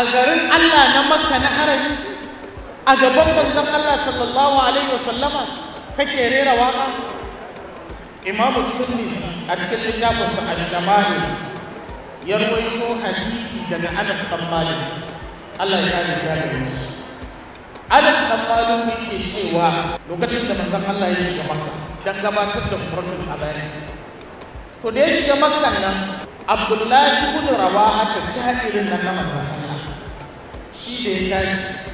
a garin Allah na makka na harami a gaban manzon Allah sallallahu alaihi wa sallama, kake rera waka imamu turmi a cikin littafinsa a shamani ya rawaito hadisi daga anas dan malik Allah ya kare kare anas dan malik yake cewa lokacin da manzon Allah ya shiga makka dan gabatar da qur'ani a bayani to da ya shiga makka nan abdullahi ibn rawaha ta shahirin nan na manzon shi da ya tashi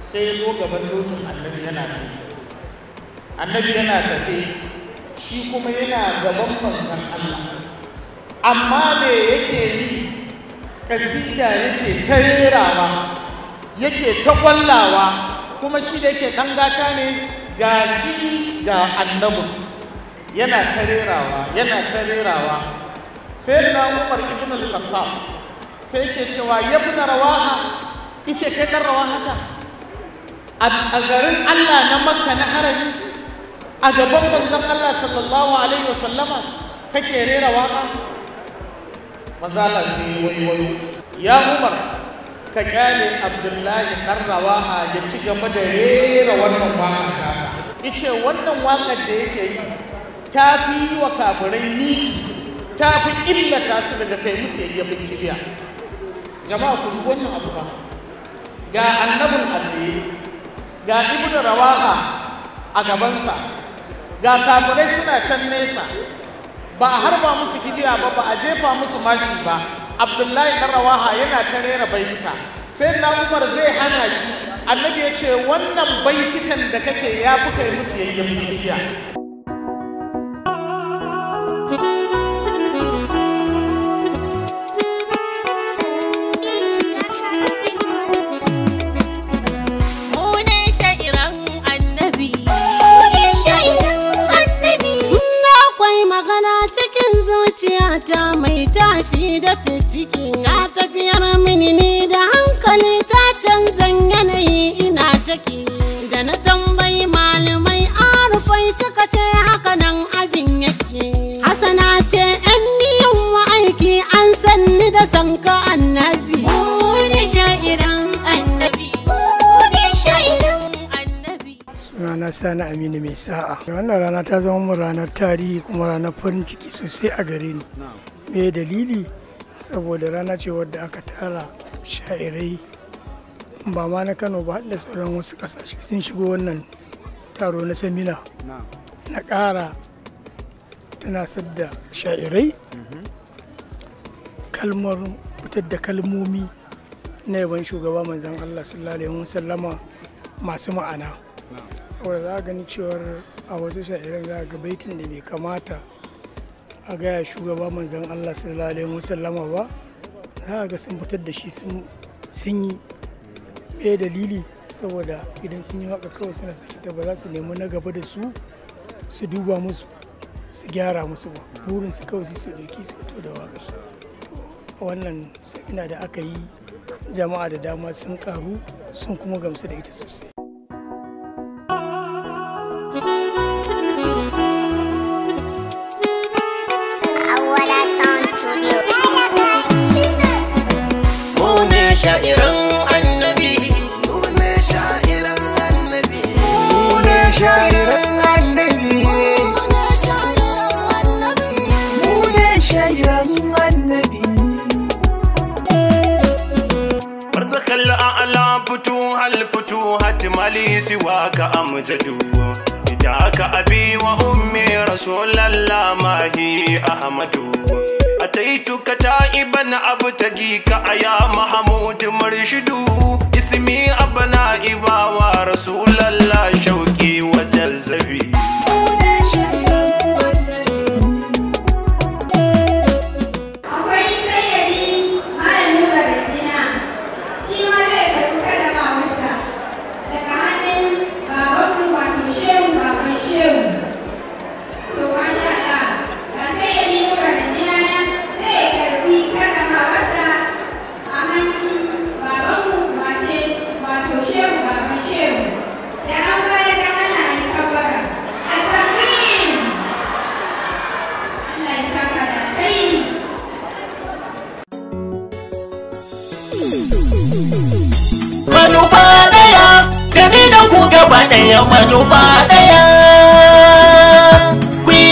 sai ya zo gaban lokacin annabi yana sai annabi yana tafe shi kuma yana gaban manzon Allah amma me yake yi kasida yake ta rerawa yake ta kwallawa kuma shi da yake ɗan gata ne ga shi ga annabi yana ta rerawa yana ta rerawa sai na umar ibn al-khattab sai ke cewa yabna rawaha ice kai ɗan rawa haka a garin Allah na makka na harami a gaban manzon Allah sallallahu alaihi wa wasallama kake rera waka manzo Allah sai wani. ya Umar ka kyale Abdullahi ɗan rawaha ya ci gaba da rera wannan waƙar tasa ice wannan wakar da yake yi ta fi yi wa kafirai miki ta fi illata su daga kai musu yayyafin kibiya jama'a ku duk wannan abu ba ga annabin aziyi ga da rawaha a gabansa ga kafirai suna can nesa ba a harba musu gidiya ba ba a jefa musu mashi ba abdullahi dan rawaha yana ta rera baituka sai na umar zai hana shi annabi ya ce wannan baitukan da kake ya fi kai musu yayyen bibiya magana cikin zuciyata mai tashi da fiffike ta tafiyar mini ni da hankali ta canzan yanayi ina take da na sani aminu mai sa'a wannan rana ta zama mu ranar tarihi kuma ranar farin ciki sosai a gare ni me dalili saboda rana ce wadda aka tara sha'irai ba ma na kano ba da sauran wasu kasashe sun shigo wannan taro na samina na ƙara tana da sha'irai kalmar fitar da kalmomi na yaban shugaba manzan allah sallallahu alaihi wasallama masu ma'ana saboda za a gani cewar a wasu sha'irin za ga baitin da bai kamata a gaya shugaba manzan Allah sallallahu alaihi musallama ba za a ga sun fitar da shi sun yi mai dalili saboda idan sun yi waka kawai suna sakita ba za su nemi na gaba da su su duba musu su gyara musu ba burin su kawai su doki su fito da waka wannan sabina da aka yi jama'a da dama sun karu sun kuma gamsu da ita sosai shahararren annabi mu ne shahararren annabi barzakhal a'la futu hal futu hat siwa ka amjadu idaka abi wa ummi rasulallah ma hi ahmadu ataituka taiban abtagi ka aya mahmud marshidu ismi abna iwa wa rasulallah shau da manufa daya Ku yi